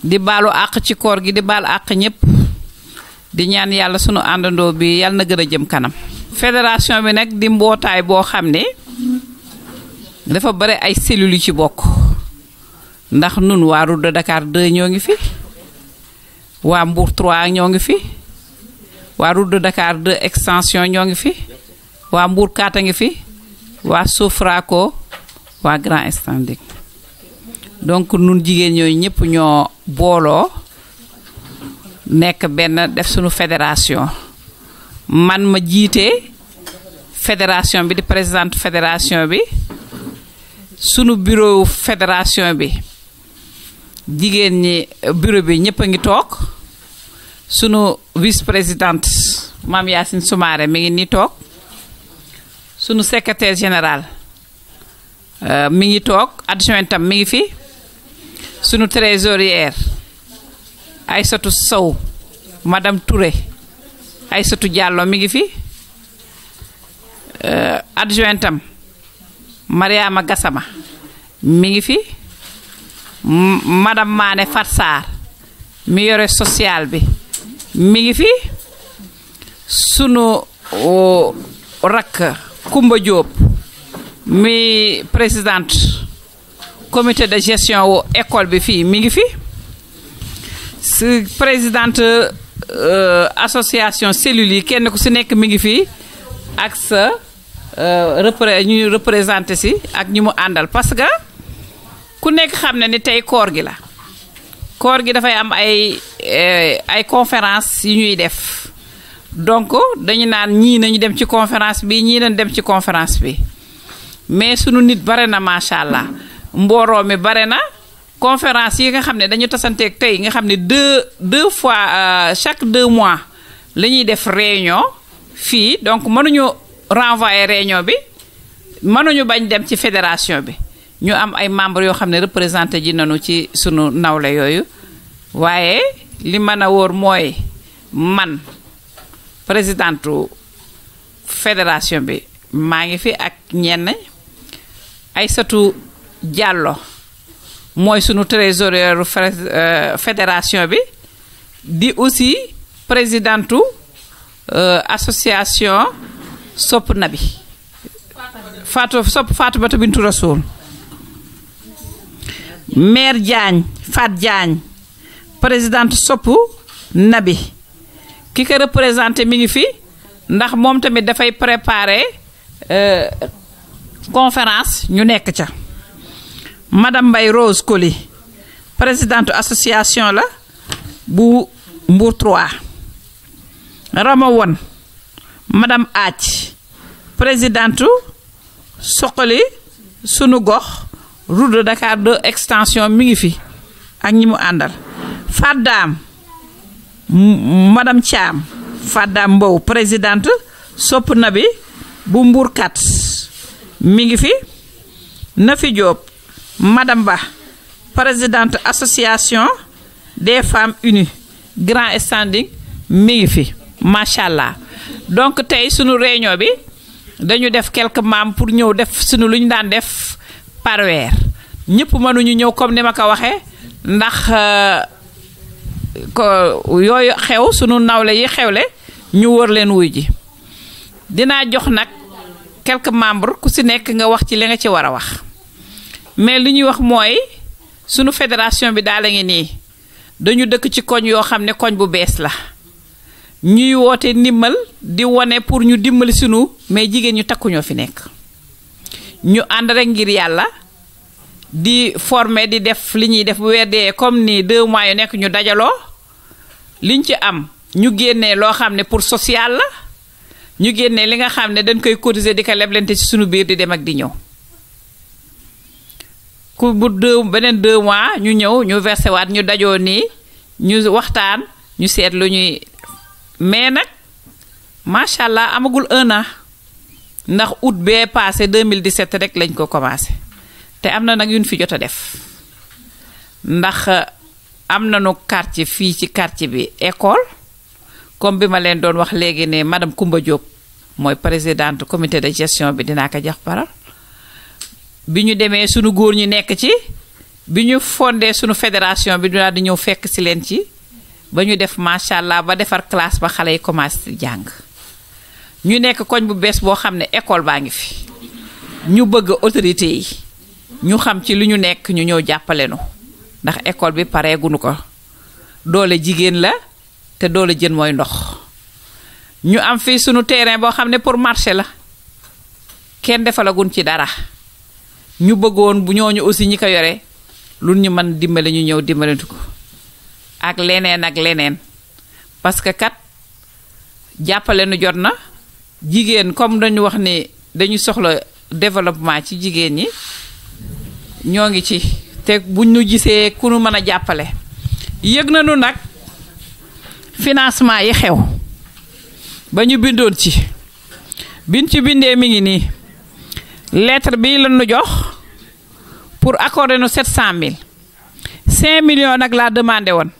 di baalu àq ci koor gi di baal àq ñëpp di ñaan yàlla sunu àndandoo bi yàlla na gën a jëm kanam. fédération bi nag di mbootaay boo xam ne dafa bare ay cellules yu ci bokk ndax nun waa route de Dakar ñoo ngi fi waa Mbour 3 ñoo ngi fi waa route de Dakar 2 extension ñoo ngi fi waa Mbour 4 a ngi fi waa Sofraco waa Grand Standing donc nun jigéen ñooñu ñëpp ñoo. booloo nekk benn def suñu fédération man ma jiitee fédération bi di présidente fédération bi sunu bureau fédération bi jigéen ñi bureau bi ñëpp a ngi toog sunu vice présidente maam Yacine Soumaré mi ngi nii toog sunu secrétaire général euh, mi ngi toog adjoint tam mi ngi fi. sunu ay Aïssatou Sow madame ay sotu Diallo mi ngi fi euh, adjointam Mariama Gassama mi ngi fi madame Mané Farsar mi yore social bi mi ngi fi sunu rakk Kumba Diop mi présidente comité de gestion wu école bi fii mi ngi fi présidente euh, association cellulaire yi kenn ku si nekk mi ngi fii ak sa euh, repré ñu si ak andal mu àndal parce que ku nek xam ne ni tay koor gi la koor gi fay am ay euh, ay conférence yu ñuy def donc dañu naan ñi nañu dem ci conférence bi ñi nañ dem ci conférence bi mais sunu nit bare na macha mbooroo mi bare na conférence yi nga xam ne dañu tasanteeg tey nga xam ne deux deux fois euh, chaque deux mois li ñuy def réunion fii donc mënuñu renvoyer réunion bi mënuñu bañ dem ci fédération bi ñu am ay membres yoo xam ne représenté ji nañu ci sunu nawle yooyu waaye li mën a wóor mooy man présidentu fédération bi maa ngi fi ak ñenn ay satu Diallo suis sunu trésorier euh, fédération bi di aussi de euh, association Sopu Nabi Fatou Sopp Fatou Bintou Rasoul. Mère Diagne Fat Diagne présidente Sopu Nabi Qui représente mi ngi fi ndax préparer euh, conférence ñu madame mbay Rose Coly présidente association la bu Mbour 3 Rama Won madame Aaj présidente Suqali sunu gox route de Dakar de extension mi ngi fi ak ñi mu àndal Faddaam madame Thiam Faddaam Mbow président sopp na bi bu Mbour mi ngi fi Nafi Diop Madame Ba, présidente association des femmes unies grand standing mi MashaAllah. donc sunu réunion bi dañu def quelques membres pour nous def sunu luñu def par ñëpp comme ni waxé ndax euh, ko yoy xew sunu nawle yi xewlé ñu wër leen quelques membres ku si nekk nga wax ci li nga ci mais li ñuy wax mooy sunu fédération bi daal a ngi nii dañu dëkk ci koñ yoo xam ne koñ bu bees la ñuy woote ndimmal di wone pour ñu dimbali sunu mais jigéen ñu takkuñoo fi nekk ñu ànd rek ngir yàlla di former di def li ñuy def bu weer dee comme ni deux mois yu nekk ñu dajaloo liñ ci am ñu génnee loo xam ne pour social la ñu génnee li nga xam ne dañ koy cotiser di ko leblente ci sunu biir di dem ak di ñëw ku bu deux beneen deux mois ñu ñëw ñu versé waat ñu dajoo nii ñu waxtaan ñu seet lu ñuy mais nag macha allah amagul un an ndax août bee passé 2017 rek lañ ko commencé te am na nag yuñ fi jot a def ndax euh, am nañu quartier fii ci quartier bi école comme bi ma leen doon wax léegi ne madame Koumba Diop mooy présidente comité de gestion bi dinaa ko jox parole bi ñu demee sunu góor ñi nekk ci bi ñu fondee sunu fédération bi dinaa di ñëw fekk si leen ci ba ñu def macha allah ba defar classe ba xale yi commencé jàng ñu nekk koñ bu bees boo xam ne école baa ngi fi ñu bëgg autorité yi ñu xam ci lu ñu nekk ñu ñëw jàppale nu ndax école bi pareeguñu ko doole jigéen la te doole jën mooy ndox ñu am fi sunu terrain boo xam ne pour marché la kenn defalagun ci dara. ñu bëggoon bu ñooñu aussi ñi ko yore lu ñu mën dimbale ñu ñëw dimbalantu ko ak leneen ak leneen parce que kat jàppale nu jot na jigéen comme dañu wax ni dañu soxla développement ci jigéen ñi ñoo ngi ci te buñ nu gisee ku nu mën a jàppale yëg nañu nag financement yi xew ba ñu bindoon ci bin ci bindee mi ngi nii lettre bi lañu jox pour accorder nu 700000 5 millions nag laa demandé woon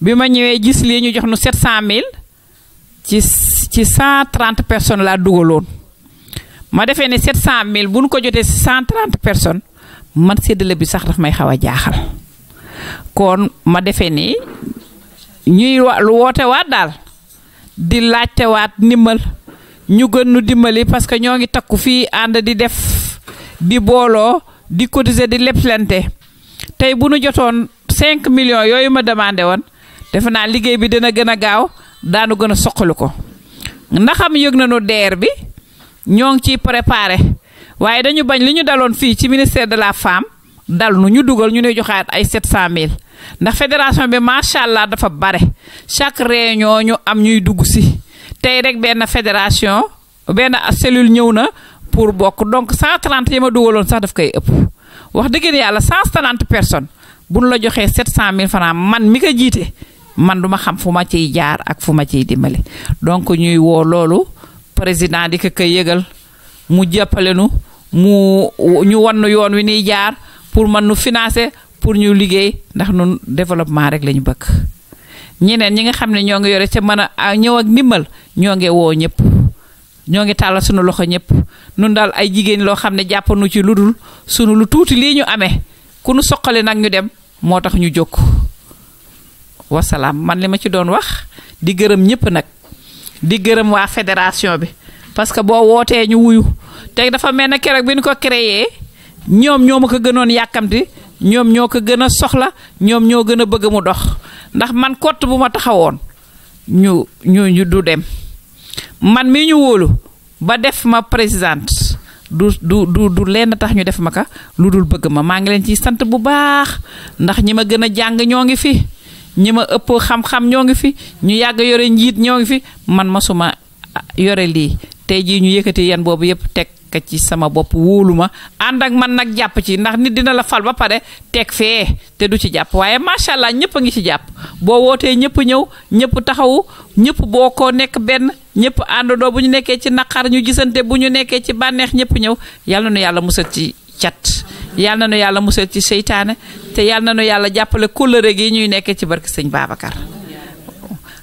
bi ma ñëwee gis lii ñu jox nu 700000 ci ci 130 personnes laa dugaloon ma defee ne 700000 bu nu ko jotee si 130 personnes man séddale bi sax daf may xaw a jaaxal kon ma defee ni ñuy woote waat daal di laajte waat ndimbal ñu gën nu dimbali parce que ñoo ngi takku fii ànd di def di booloo di cotiser di leblante tey bu nu jotoon cinq millions yooyu ma demandé woon defe naa liggéey bi dina gën a gaaw daanu gën a soqalu ko ndaxam yëg nañu DER bi ñoo ngi ciy préparé waaye dañu bañ li ñu daloon fii ci ministère de la femme dal nu ñu dugal ñu ne joxaat ay sept cent mille ndax fédération bi macha allah dafa bare chaque réunion ñu am ñuy dugg si tey rek benn fédération benn cellule ñëw na pour bokk donc 130 yi ma dugaloon sax daf koy ëpp wax dëgg yàlla 130 personnes bu ñu la joxee 700000 francs man mi ko jiite man du ma xam fu ma ciy jaar ak fu ma ciy dimbale donc ñuy woo loolu président di ko kay yëgal mu jàppale nu mu ñu wan nu yoon wi nuy jaar pour mën nu financer pour ñu liggéey ndax nun développement rek la ñu bëgg ñeneen ñi nga xam ne ñoo ngi yore ca mën a ñëw ak ndimbal ñoo ngi woo ñëpp. ñoo ngi tàllal sunu loxo ñëpp nun daal ay jigéen loo xam ne jàppanu ci lu dul sunu lu tuuti lii ñu amee ku nu soqale nag ñu dem moo tax ñu jóg wasalaam man li ma ci doon wax di gërëm ñëpp nag di gërëm waa fédération bi parce que boo wootee ñu wuyu te dafa mel ne keroog bi ñu ko créé ñoom ñoo ma ko gënoon yàkkamti ñoom ñoo ko gën a soxla ñoom ñoo gën a bëgg mu dox ndax man kott bu ma taxawoon ñu ñu ñu du dem man mi ñu wóolu ba def ma présidente du du du du lenn tax ñu def ma ka ludul bëgg ma maa ngi leen ci sant bu baax ndax ñi ma gën a jàng ñoo ngi fi ñi ma ëpp xam-xam ñoo ngi fi ñu yàgg yore njiit ñoo ngi fi man masuma yore lii tey jii ñu yëkkati yan boobu yëpp teg takk ci sama bopp wóolu ma ànd ak man nag jàpp ci ndax nit dina la fal ba pare teg fee te du ci jàpp waaye macha allah ñëpp a ngi ci jàpp boo wootee ñëpp ñëw ñëpp taxawu ñëpp boo ko nekk benn ñëpp àndandoo bu ñu nekkee ci naqar ñu gisante bu ñu nekkee ci bànneex ñëpp ñëw yal na nu yàlla musal ci cat yal na nu yàlla musal ci seytaane te yal na nu yàlla jàppale kóllëre gi ñuy nekkee ci barke sëñ Babacar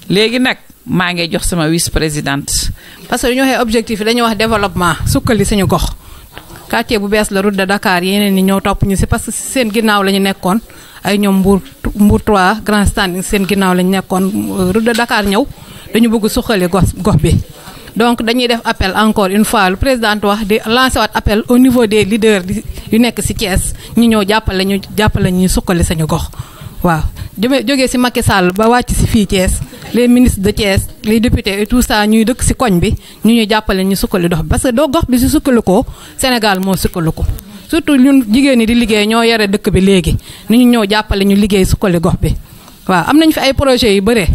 léegi nag maa ngi jox sama vice présidente. parce que ñu waxee objectif dañuy wax développement sukkali suñu gox. quartier bu bees la route de Dakar yeneen ni ñoo topp ñu si parce que seen ginnaaw la ñu nekkoon ay ñoom Mbour Mbour 3 Grand Standing seen ginnaaw la ñu nekkoon route de Dakar ñëw dañu bëgg suqali gox gox bi. donc dañuy def appel encore une fois lu président wax di lancer waat appel au niveau des leaders yu nekk si Thiès ñi ñëw jàppale ñu jàppale ñu suqali sañu gox waaw jógee les ministres de Thiès les députés et tout ça ñuy dëkk si koñ bi ñu ñuy jàppale ñu sukkali dox bi parce que doo gox bi si sukkaliku Sénégal moo sukkaliku surtout ñun jigéen ñi di liggéey ñoo yore dëkk bi léegi ni ñu ñëw jàppale ñu liggéey sukkali gox bi waaw am nañ fi ay projet yu bëree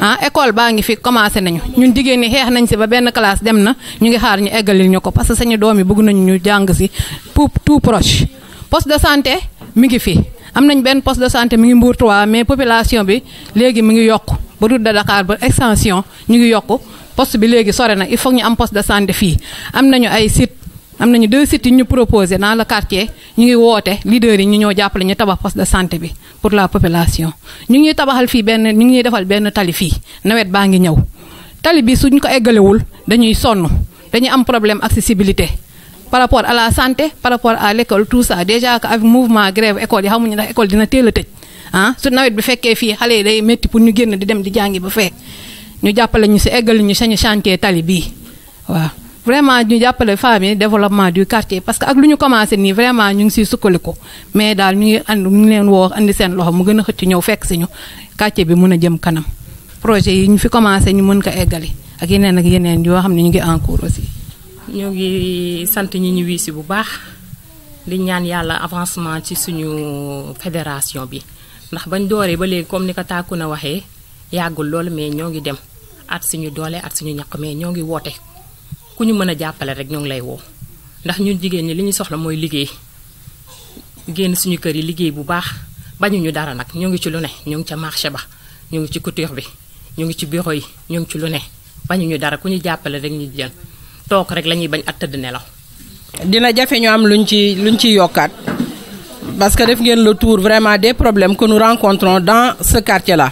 ah école baa ngi fi commencé nañu ñun jigéen ñi xeex nañ si ba benn classe dem na ñu ngi xaar ñu eggalil ñu ko parce que sañu doom yi bëgg nañu ñu jàng si pour tout proche poste de santé mi ngi fi am nañ benn poste de santé mi ngi Mbour mais population bi léegi mi ngi yokk ba route de Dakar ba extension ñu ngi yokku poste bi léegi sore na il faut ñu am poste de santé fii am nañu ay site am nañu deux sit yi ñu proposé dans le quartier ñu ngi woote leader yi ñu ñoo jàppale ñu tabax poste de santé bi pour la population ñu ngi tabaxal fii benn ñu ngi defal benn tali fii nawet baa ngi ñëw tali bi su ñu ko eggalewul dañuy sonn dañuy am problème accessibilité par rapport à la santé par rapport à l'école tout ça déjà que avec mouvement grève école yi dina teel a tëj ah su nawet bi fekkee fii xale yi day métti pour ñu génn di dem di jàngi ba fee ñu jàppale ñu si eggali ñu sañu chantier tali bii waaw vraiment ñu jàppale femmes yi développement du quartier parce que ak lu ñu commencé nii vraiment ñu ngi siy sukkandiku mais daal ñu ngi ànd ñu ngi leen woo indi seen loxo mu gën a xëcc ñëw fekk si ñu quartier bi mun a jëm kanam projet yi ñu fi commencé ñu mën ko eggali ak yeneen ak yeneen yoo xam ne ñu ngi en cours aussi. ñoo ngi sant ñu wii si bu baax di ñaan yàlla avancement ci suñu fédération bi. ndax bañ dooree ba léegi comme ni ko tàkku na waxee yàggul loolu mais ñoo ngi dem at suñu doole at suñu ñaq mais ñoo ngi woote ku ñu mën a jàppale rek ñoo ngi lay woo ndax ñu jigéen ñi li ñu soxla mooy liggéey génn suñu kër yi liggéey bu baax bañu ñu dara nag ñoo ngi ci lu ne ñoo ngi ca marché ba ñu ngi ci couture bi ñu ngi ci bureau yi ñoo ngi ci lu ne ñu dara ku ñu jàppale rek ñu jël toog rek lañuy bañ at tëdd nelaw. dina jafe ñu am luñ ci luñ ci yokkaat. parce que nous avons le tour vraiment des problèmes que nous rencontrons dans ce quartier là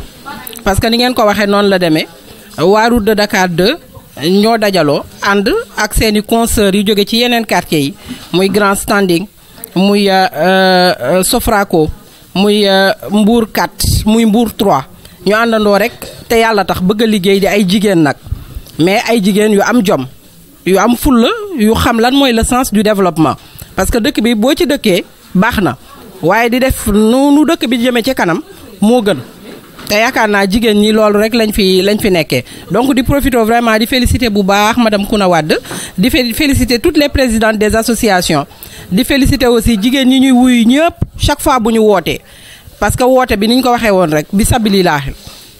parce que ni avons ko waxee non la route de Dakar 2 Nyo Dajalo, and ak nous avons yu dans avons quartier yi Grand Standing euh, euh Sofraco avons euh, Mbour 4 nous Mbour 3 nous avons rek que tax bëgg a liggéey di ay des nag mais ay jigéen yu am jom yu am fulla yu xam lan le sens du développement parce que bi avons baax na waaye di def noonu dëkk bi jëmee ci kanam moo gën te yaakaar naa jigéen ñi loolu rek lañ fi lañ fi nekkee donc di profiter vraiment di féliciter bu baax ku na wàdd di féliciter toutes les présidentes des associations di féliciter aussi jigéen ñi ñuy wuy ñëpp chaque fois bu ñu wootee parce que woote bi ni ñu ko waxee woon rek bi sabililaahi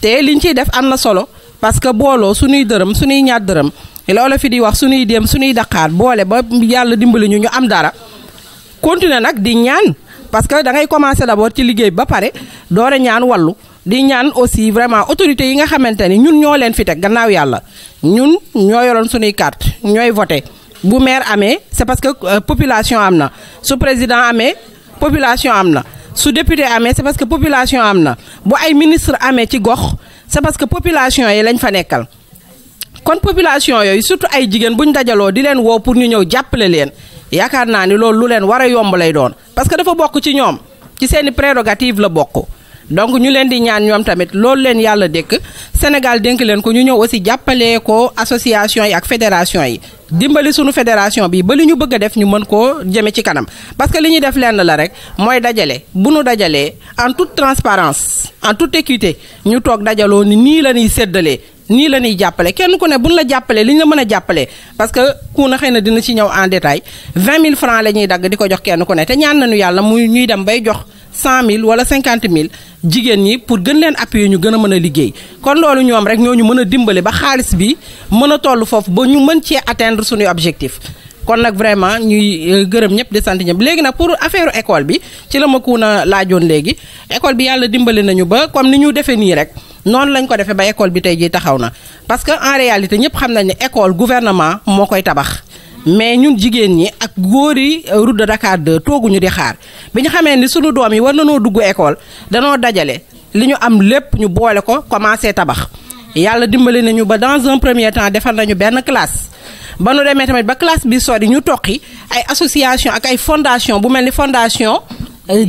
te li liñ ciy def am na solo parce que booloo suñuy dërëm suñuy ñaar dërëm loola fi di wax suñuy dem suñuy daqaar boole ba yàlla dimbali ñu ñu am dara continuer nag di ñaan parce que da ngay commencer d'abord ci liggéey ba paré door ñaan walu di ñaan aussi vraiment autorité yi nga xamanteni ni ñun ño leen fi tek gannaaw yalla ñun ño yoron suñu carte ñoy voter bu maire amé euh, c'est parce que population amna su président amé population amna su député amé c'est parce que population amna bu ay ministre amé ci gox c'est parce que population yi lañ fa nekkal kon population yoy surtout ay jigen buñ dajalo di leen wo pour ñu ñew jàppale leen yaakaar naa ni loolu lu leen war a yomb lay doon parce que dafa bokk ci ñoom ci seeni prérogative la bokk donc ñu leen di ñaan ñoom tamit loolu leen yàlla dékk Sénégal dénk leen ko ñu ñëw aussi jàppale ko association yi ak fédération yi dimbali sunu fédération bi ba li ñu bëgg a def ñu mën koo jëme ci kanam parce que li ñuy def lenn la rek mooy dajale bu nu dajalee en toute transparence en toute équité ñu toog dajaloo ni nii la ñuy séddalee nii la ñuy jàppale kenn ku ne buñ la jàppalee li ñu la mën a jàppalee parce que ku na xëy na dina ci ñëw en détail 20 mille francs la ñuy dagg di ko jox kenn ku ne te ñaan nañu yàlla muy ñuy dem bay jox cent mille wala cinquante mille jigéen ñi pour gën leen appuyer ñu gën a mën a liggéey kon loolu ñoom rek ñoo ñu mën a dimbali ba xaalis bi mën a toll foofu ba ñu mën cee atteindre suñuy objectif. kon nag vraiment ñuy euh, gërëm ñëpp di sant ñëpp léegi pour affaire école bi ci la ma laajoon léegi école bi yàlla dimbali nañu ba comme ni ñu defee nii rek. noonu lañ ko defee ba école bi tey jii taxaw parce que en réalité ñëpp xam nañ ne école gouvernement moo koy tabax mais ñun jigéen ñi ak góor euh, route de Dakar 2 tooguñu di xaar ni sunu doom yi war dugg école danoo dajale li ñu am lépp ñu boole ko commencé tabax yàlla dimbali nañu ba dans un premier temps defal nañu benn classe. ba tamit ba classe bi ñu ay association ak ay fondation bu mel fondation euh,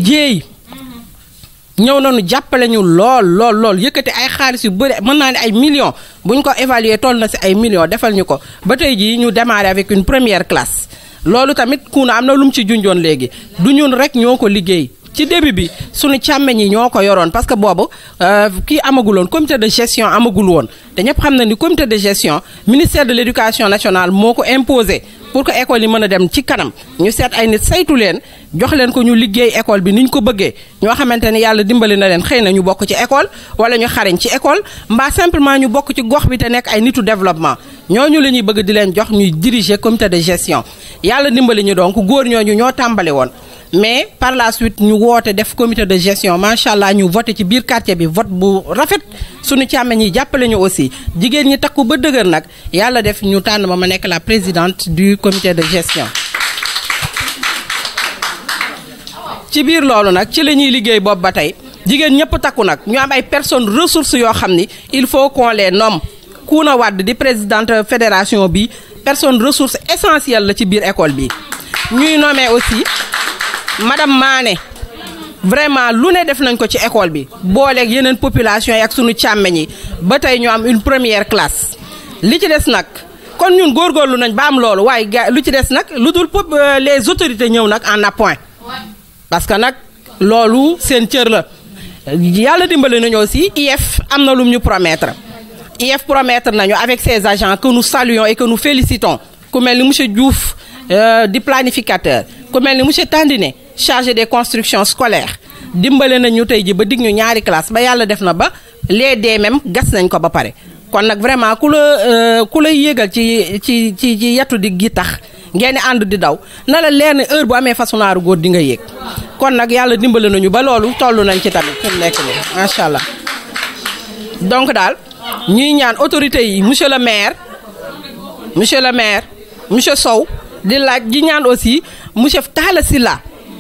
ñëw nañu jàppale ñu lool lool lool yëkkati ay xaalis yu bëri mën naa ne ay millions buñ ko évaluer toll na si ay millions defal ñu ko ba tey jii ñu démarrer avec une première classe loolu tamit ku na am na lu mu ci junjoon léegi du ñun rek ñoo ko liggéey. ci début bi suñu càmmeñ ñi ñoo ko yoroon parce que boobu euh, kii amaguloon comité de gestion amagul woon te ñëpp xam na ni comité de gestion ministère de l' éducation nationale moo ko imposé pour que école yi mën a dem ci kanam ñu seet ay nit saytu leen jox leen ko ñu liggéey école bi ni ñu ko bëggee ñoo xamante ni yàlla dimbali na leen xëy na ñu bokk ci école wala ñu xariñ ci école mbaa simplement ñu bokk ci gox bi te nekk ay nitu développement ñooñu la ñuy bëgg di leen jox ñuy diriger comité de gestion yàlla dimbali ñu donc góor ñooñu ñoo tàmbali woon mais par la suite ñu def comité de gestion machallah nous voté ci biir quartier bi vote bu rafet suñu comité ñu aussi jigéen ñi takku ba gestion. Nous yalla def ñu la présidente du comité de gestion. ci ci liggéey takku ñu am ay ressources il faut qu'on les nomme fédération personne ressource essentielle la ci école bi aussi madame Mané vraiment lune def nañ ko ci école bi booleeg yenen population yi ak sunu càmmeñ yi ba ñu am une première classe li ci des nak kon ñun góorgóorlu nañ ba am loolu waaye ga lu ci des nak ludul euh, les autorités ñew nak en appoint parce que nag loolu seen la yalla dimbalé nañu aussi if amna na ñu promettre IF promettre nañu avec ses agents que nous saluons et que nous félicitons Comme les monsieur Diouf euh, di planificateur Comme les monsieur Tandine chargé des constructions scolaires dimbalé nañu ñu ji ba dig ñu ñaari classe ba yalla def na ba les DMM gas nañ ko ba paré kon nak vraiment ku la euh, ku lay yéegal ci ci ci ci yettu di gi tax ngeen ànd di daw na la leer heure bu amé façon goor di nga yéeg kon nak yalla dimbalé nañu ba lolu tollu nañ ci tamit fi mu nekk nii donc dal ñuy ñaan autorité yi monsieur le maire monsieur le maire monsieur Sow di laaj di ñaan aussi monsieur Talla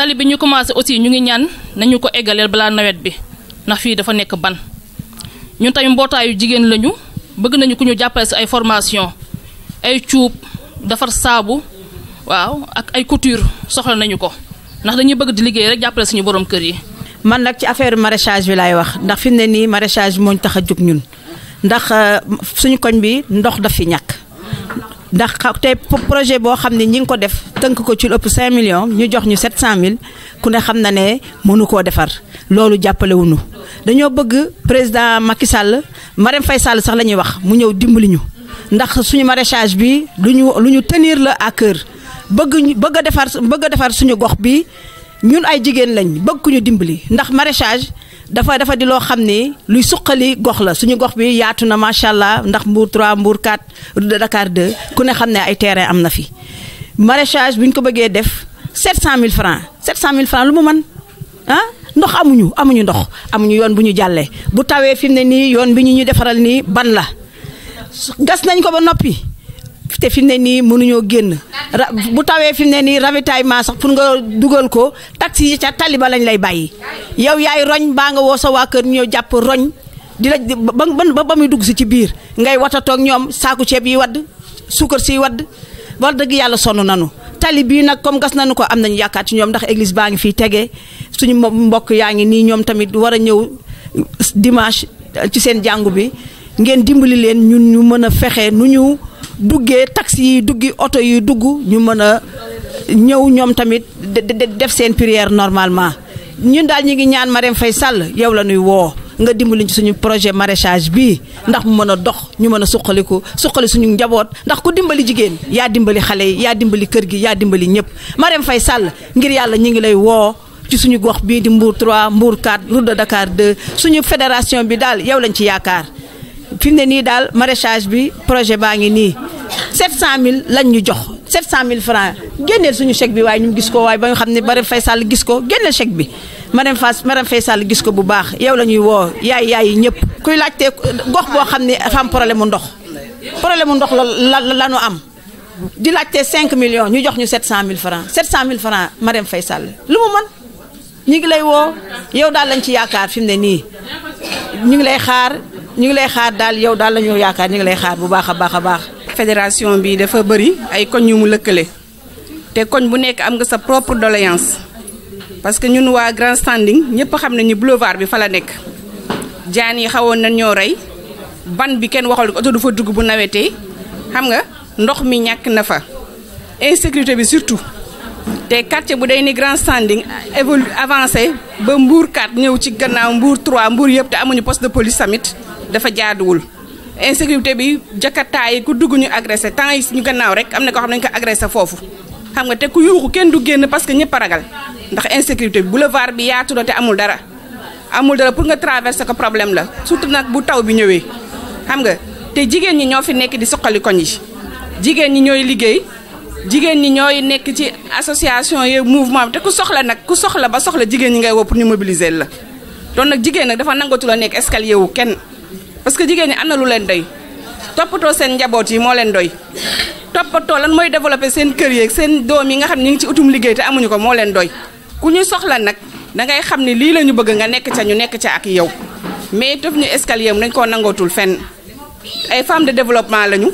tali bi ñu commencé aussi ñu ngi ñaan nañu ko eggaleel balaa nawet bi ndax fii dafa nekk ban ñun tamit mbootaayu jigéen lañu bëgg nañu ku ñu jàppale si ay formation ay cuub defar saabu waaw ak ay couture soxla nañu ko ndax dañuy bëgg di liggéey rek jàppale suñu borom kër yi. man nag ci affaire maraîchage bi laay wax ndax fi mu ne nii maraîchage moo tax a jóg ñun ndax euh, suñu koñ bi ndox daf fi ñàkk. ndax tey projet boo xam ne ñi ngi ko def tënk ko ci lu ëpp million ñu jox ñu 700000 ku ne xam na ne mënu koo defar loolu jàppalewuñu dañoo bëgg président Macky Sall Marème fay Sall sax la ñuy wax mu ñëw dimbali ñu ndax suñu maraîchage bi lu ñu lu ñu tenir la à cœur bëgg bëgg defar bëgg defar suñu gox bi ñun ay jigéen lañ bëgg ku ñu dimbali ndax maraîchage dafa dafa di loo xam ni luy suqali gox la suñu gox bi yaatu na macha allah ndax Mbour 3 Mbour 4 Dakar de ku ne xam ne ay terrain am na fi maraîchage bu ñu ko bëggee def mille 700000 francs mille francs lu mu mën ah. ndox amuñu amuñu ndox amuñu yoon bu ñu jàllee bu tawee fi mu ne nii yoon bi ñu ñu defaral nii ban la gas nañ ko ba noppi te fi mu ne nii mënuñoo génn bu tawee fi mu ne nii ravitaillement sax pour nga dugal ko taxi yi ca taliba lañ lay bàyyi yow yaay roñ baa nga woo sa waa kër ñëw jàpp roñ di la ba ba ba muy dugg si ci biir ngay watatoog ñoom saaku ceeb yi wadd suukar si wadd war dëgg yàlla sonn nanu tali bii nag comme gas nañu ko am nañu yaakaar ci ñoom ndax église baa ngi fii tegee suñu mbokk yaa ngi nii ñoom tamit war a ñëw dimanche ci seen jàngu bi ngeen dimbali leen ñun ñu mën a fexe ñu duggee taxi yi duggi oto yi dugg ñu mën a ñëw ñoom tamit def seen prière normalement ñun daal ñu ngi ñaan Marème fay Sall yow la nuy woo nga dimbali ci suñu projet maraîchage bi ndax mu mën a dox ñu mën a suqaliku suqali suñu njaboot ndax ku dimbali jigéen yaa dimbali xale yi yaa dimbali kër gi yaa dimbali ñëpp Marème fay Sall ngir yàlla ñu ngi lay woo ci suñu gox bii di Mbour 3 Mbour 4 Route de Dakar 2 suñu fédération bi daal yow lañ ci yaakaar. fi mu ne nii daal maraîchage bi projet baa ngi nii 700000 lañ ñu jox 700000 francs génneel suñu chèque bi waaye ñu gis ko waaye ba nga xam ne Marème fay Sall gis ko génneel chèque bi Marème Fass Marème Faye Sall gis ko bu baax yow la ñuy woo yaay yaay yi ñëpp kuy laajte gox boo xam ne dafa am problème mu ndox problème mu ndox la la ñu am di laajte cinq millions ñu jox ñu 700000 francs 700000 francs Marème Faye Sall lu mu mën ñu ngi lay woo yow daal lañ ci yaakaar fi ne nii ñu ngi ñu ngi lay xaar daal yow daal la ñu yaakaar ñu ngi lay xaar bu baax a baax a baax. fédération bi dafa bëri ay koñ yu mu lëkkale te koñ bu nekk am nga sa propre doléance parce que ñun waa Grand Standing ñëpp xam nañu boulevard bi fa la nekk jaan yi xawoon nañ ñoo rey ban bi kenn waxal oto du fa dugg bu nawetee xam nga ndox mi ñàkk na fa insécurité bi surtout te quartier bu day ni Grand Standing évolu avancé ba Mbour 4 ñëw ci gannaaw Mbour 3 Mbour yëpp te amuñu poste de police tamit. dafa jaaduwul insécurité bi jakkataa yi ku dugg ñu agressé temps yi ñu gannaaw rek am na koo xam ne ko agressé foofu xam nga te ku yuuxu kenn du génn parce que ñëpp ragal ndax insécurité bi boulevard bi yaatu na te amul dara amul dara pour nga traversé ko problème la surtout nag bu taw bi ñëwee xam nga te jigéen ñi ñoo fi nekk di soqali koñ yi jigéen ñi ñooy liggéey jigéen ñi ñooy nekk ci association yeeg mouvement bi te ku soxla nag ku soxla ba soxla jigéen ñi ngay woo pour ñu mobiliser la donc nag jigéen nag dafa nangatu la nekk escalier wu kenn parce que jigéen ñi am na lu leen doy toppatoo seen njaboot yi moo leen doy toppatoo lan mooy développé seen kër yeeg seen doom yi nga xam ne ñu ngi ci utum liggéey te amuñu ko moo leen doy ku ñu soxla nag da ngay xam ne lii la ñu bëgg nga nekk ca ñu nekk ca ak yow mais tëf ñu escalier mu dañ koo nangootul fenn ay femmes de développement lañu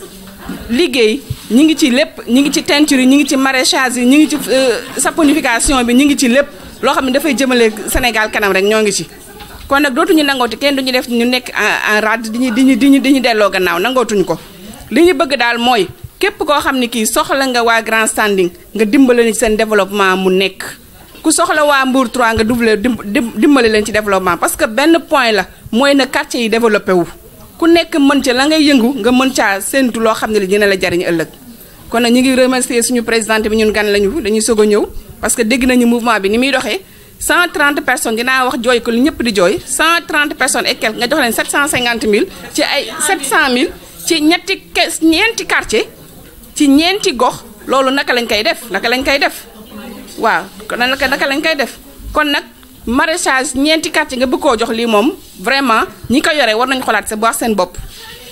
liggéey ñu ngi ci lépp ñu ngi ci teinture yi ñi ngi ci maraîchage yi ñu ngi ci euh, saponification bi ñu ngi ci lépp loo xam ne dafay jëmale Sénégal kanam rek ñoo ngi ci kon nag dootuñu nangooti kenn duñu def ñu nekk en rade diñu diñu diñu ñu delloo gannaaw nangootuñu ko li ñu bëgg daal mooy képp koo xam ne kii soxla nga waa Grand Standing nga dimbale ni seen développement mu nekk ku soxla waa Mbour 3 nga double dimbale leen ci developpement parce que benn point la mooy na quartier yi développé wu ku nekk mën ca la ngay yëngu nga mën caa séentu loo xam ne li dina la jariñ ëllëg kon nag ñu ngi remercier suñu présidente bi ñun gan lañu dañuy soog a ñëw parce que dégg nañu mouvement bi ni muy doxee cent 130 personne dinaa wax jooy ko lu ñëpp di jooy 130 personnes et quelques nga jox leen 750 mille ci ay 700 mille ci ñetti ñeenti quartier ci ñeenti gox loolu naka lañ koy def naka lañ koy def waaw kon naka naka lañ koy def kon nag maraîchage ñeenti quartier nga bëgg koo jox lii moom vraiment ñi ko yoree war nañu xolaat sa baax seen bopp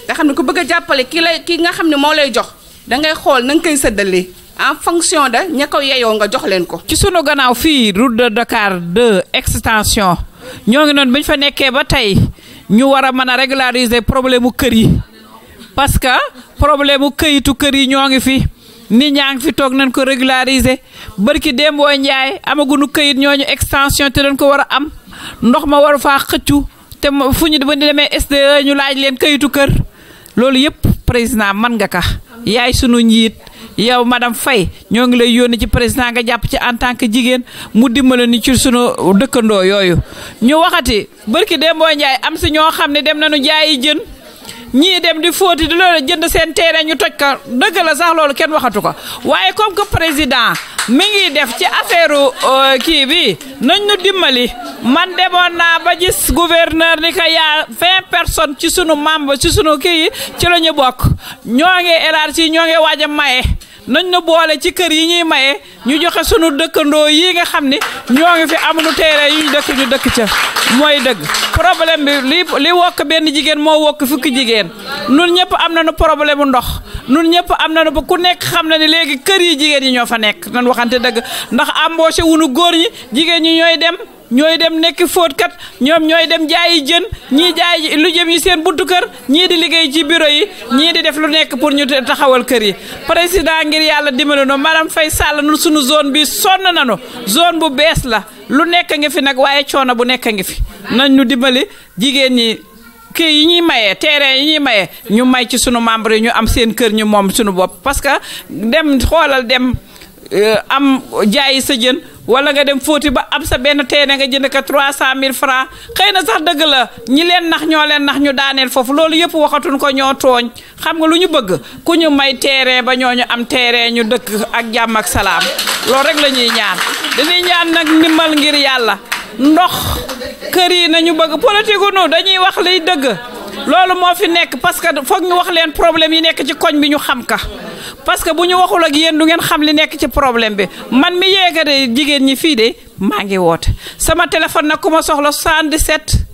nga xam ne ko bëgg a jàppale ki lay ki nga xam ne moo lay jox dangay xool na nga koy séddalee. en fonction de ña ko yeyoo nga jox leen ko. ci sunu gannaaw fii route de Dakar 2 extension ñoo ngi noonu bi fa nekkee ba tey ñu war a mën a régulariser problème mu kër yi parce que problème mu këyitu kër yi ñoo ngi fi ni ñaa ngi fi toog nañ ko ki dem Dembo Ndiaye amagunu këyit ñoo ñu extension te dañ ko war a am ndox ma war faa xëccu te fu ñu ba demee SDE ñu laaj leen këyitu kër loolu yëpp président man nga ka yaay sunu njiit. yow madame fay ñoo ngi lay yónni ci président nga jàpp ci en tant que jigéen mu dimbale ni ci sunu dëkkandoo yooyu ñu waxati barki Demba Ndiaye am si ñoo xam ne dem na nu jaayi jën. ñii dem di fóoti di loolu jënd seen terrain ñu toj ka dëgg la sax loolu kenn waxatu ko waaye comme que président mi ngi def ci affaire euh, kii bi nañ ñu dimbali man demoon naa ba gis gouverneur ni ko yaa vingt personnes ci sunu membre ci sunu kii ci la ñu bokk ñoo ngi élargi ñoo ngi waaj a maye. nañ na boole ci kër yi ñuy maye ñu joxe suñu dëkkandoo yi nga xam ni ñoo ngi fi amuñu teere yu ñu dëkk ñu dëkk ca mooy dëgg problème bi li wokk benn jigéen moo wokk fukki jigéen nun ñëpp am na problème mu ndox nun ñëpp am na nañu ba ku nekk xam na ni léegi kër yi jigéen yi ñoo fa nekk nañ waxante dëgg ndax embauché wuñu góor ñi jigéen ñi ñooy dem ñooy dem nekk fóotkat ñoom ñooy dem jaayi jën ñii jaayi lu jëm yi seen buntu kër ñii di liggéey ci bureau yi ñii di def lu nekk pour ñu taxawal kër yi président ngir yàlla dimbali no madame fay Sall nun suñu zone bi sonn nanu zone bu bees la lu nekk ngi fi nag waaye coono bu nekk ngi fi nañ ñu dimbali jigéen ñi kii yi ñuy mayee terrain yi ñuy maye ñu may ci sunu membre yi ñu am seen kër ñu moom suñu bopp parce que dem xoolal dem euh, am jaayi sa jën wala nga dem fóoti ba am sa benn teene nga jënd ko trois cent mille francs xëy na sax dëgg la ñi leen nax ñoo leen nax ñu daaneel foofu loolu yëpp waxatuñu ko ñoo tooñ xam nga lu ñu bëgg ku ñu may teere ba ñoo ñu am teere ñu dëkk ak jàmm ak salaam loolu rek lañuy ñuy ñaan dañuy ñaan nag ndimbal ngir yàlla ndox kër yi nañu bëgg politique nu dañuy wax liy dëgg loolu moo fi nekk parce que foog ñu wax leen problème yi nekk ci koñ bi ñu xam ka parce que bu ñu waxul ak yéen du ngeen xam li nekk ci problème bi man mi yéegade jigéen ñi fii de maa ngi woote sama téléphone nag ku ma soxla 77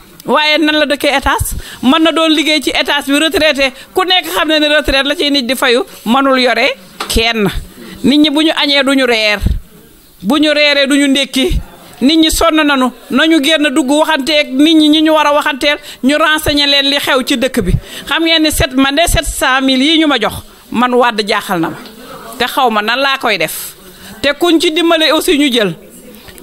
waaye nan la dëkkee étage man na doon liggéey ci étage bi retraité ku nekk xam ne ne retraite la ciy nit di fayu mënul yore kenn nit ñi bu ñu añee du ñu reer bu ñu reeree du ñu ndékki nit ñi sonn nañu nañu génn dugg waxanteeg nit ñi ñi ñu war a waxanteel ñu renseigner leen li xew ci dëkk bi xam ngeen ni set man de sept cent mille yi ñu ma jox man wàdd jaaxal na ma te xaw ma nan laa koy def te kuñ ci dimbale aussi ñu jël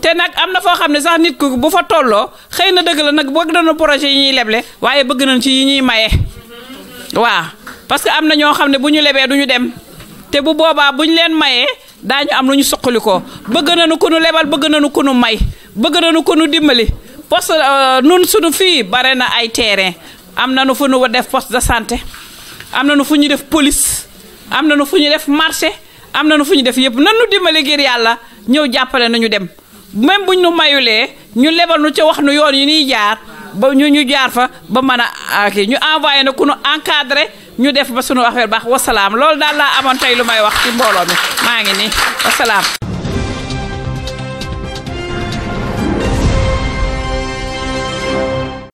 te nag am na foo xam ne sax nit ku bu fa tolloo xëy na dëgg la nag bëgg nañu projet yi ñuy leble waaye bëgg nañ ci yi ñuy maye waaw parce que am na ñoo xam ne bu ñu lebee du ñu dem te bu boobaa bu ñu leen mayee daañu am na ñu suqali ko bëgg nañu ko nu lebal bëgg nañu ko nu may bëgg nañu ko nu dimbali poste euh, nun suñu fii bare na ay terrain am na nañu fu ñu def poste de santé am na nu fu ñu def police am na nañu fu ñu def marché am na nañu fu ñu def yëpp nan nu dimbali ngir yàlla ñëw jàppale nañu dem. même buñ nu mayulee ñu lebal nu ca wax nu yoon yi ñuy jaar ba ñu ñu jaar fa ba mën a kii ñu envoyé na ku nu encadré ñu def ba sunu affaire baax wasalaam loolu daal laa amoon tey lu may wax ci mbooloo mi maa ngi nii wasalaam.